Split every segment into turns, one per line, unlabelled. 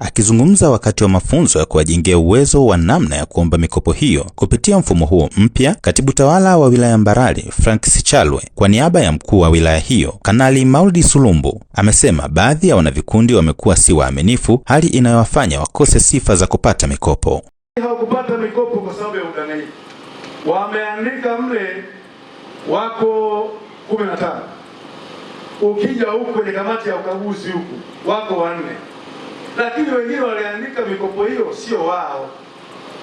Akizungumza wakati wa mafunzo ya kuwajengea uwezo wa namna ya kuomba mikopo hiyo kupitia mfumo huo mpya, katibu tawala wa wilaya Mbarali Frank Sichalwe kwa niaba ya mkuu wa wilaya hiyo Kanali Maulidi Sulumbu amesema baadhi ya wanavikundi wamekuwa si waaminifu, hali inayowafanya wakose sifa za kupata mikopo.
Hawakupata mikopo kwa sababu ya udanganyifu, wameandika mle wako 15 ukija huku kwenye kamati ya ukaguzi huku wako wanne lakini wengine waliandika mikopo hiyo sio wao,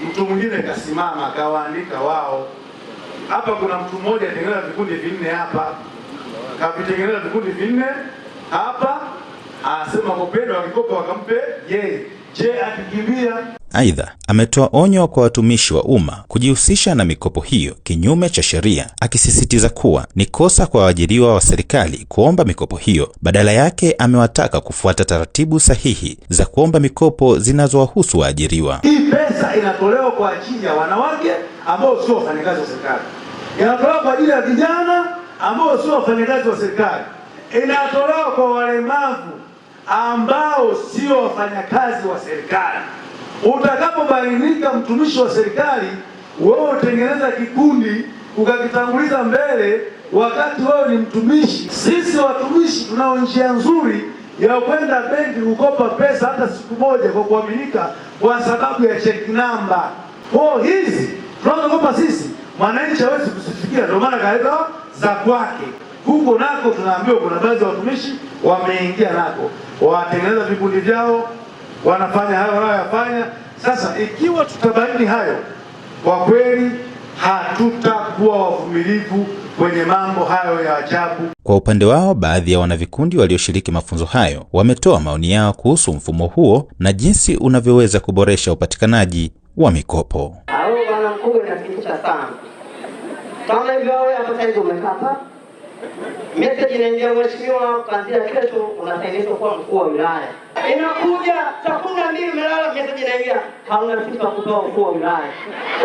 mtu mwingine kasimama kawaandika wao. Hapa kuna mtu mmoja atengeneza vikundi vinne hapa, kavitengeneza vikundi vinne hapa, asema kopendo akikopa wakampe yeye. Je, akikimbia
Aidha, ametoa onyo kwa watumishi wa umma kujihusisha na mikopo hiyo kinyume cha sheria, akisisitiza kuwa ni kosa kwa waajiriwa wa serikali kuomba mikopo hiyo. Badala yake, amewataka kufuata taratibu sahihi za kuomba mikopo zinazowahusu waajiriwa.
Hii pesa inatolewa kwa ajili ya wanawake ambao sio wafanyakazi wa serikali, inatolewa kwa ajili ya vijana ambao sio wafanyakazi wa serikali, inatolewa kwa walemavu ambao sio wafanyakazi wa serikali. Utakapobainika mtumishi wa serikali, wewe utengeneza kikundi ukakitanguliza mbele, wakati wewe ni mtumishi. Sisi watumishi tunao njia nzuri ya kwenda benki kukopa pesa hata siku moja kwa kuaminika, kwa sababu ya check namba. Oh, hizi tunazokopa sisi mwananchi hawezi kusifikia, ndio maana kaleta za kwake huko nako. Tunaambiwa kuna baadhi ya watumishi wameingia nako, watengeneza vikundi vyao wanafanya hayo wanayoyafanya. Sasa ikiwa tutabaini hayo, kwa kweli hatutakuwa wavumilivu kwenye mambo hayo ya ajabu.
Kwa upande wao, baadhi ya wanavikundi walioshiriki mafunzo hayo wametoa maoni yao kuhusu mfumo huo na jinsi unavyoweza kuboresha upatikanaji wa mikopo.
mkubwa, inasikitisha sana kama hivyo, hapa message inaingia mheshimiwa, kuanzia kesho unasainishwa kuwa mkuu wa wilaya. Inakuja saa kumi na mbili umelala, meseji inaingia, hauna kitu cha kutoa mkuu wa wilaya.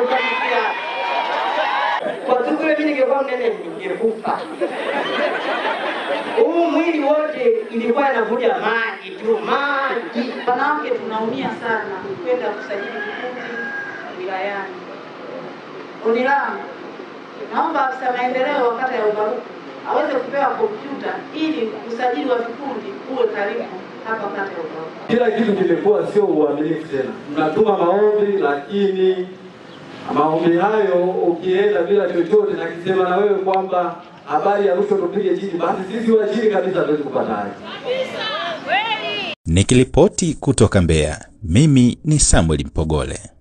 Ukaisikia kwa siku ile, mimi ningekuwa mnene ningekufa. Huu mwili wote ilikuwa inavuja maji tu, maji. Wanawake tunaumia sana kwenda kusajili vikundi wilayani. Kundi langu, naomba afisa maendeleo wakata ya Ubaruku aweze kupewa kompyuta ili usajili wa vikundi uwe karibu hapa kata ya
Kila kitu kimekuwa sio uaminifu tena, mnatuma maombi lakini maombi hayo ukienda bila chochote na kisema na wewe kwamba habari ya rushwa tupige chini, basi sisi wa chini kabisa hatuwezi kupata hayo.
Nikilipoti kutoka Mbeya, mimi ni Samuel Mpogole.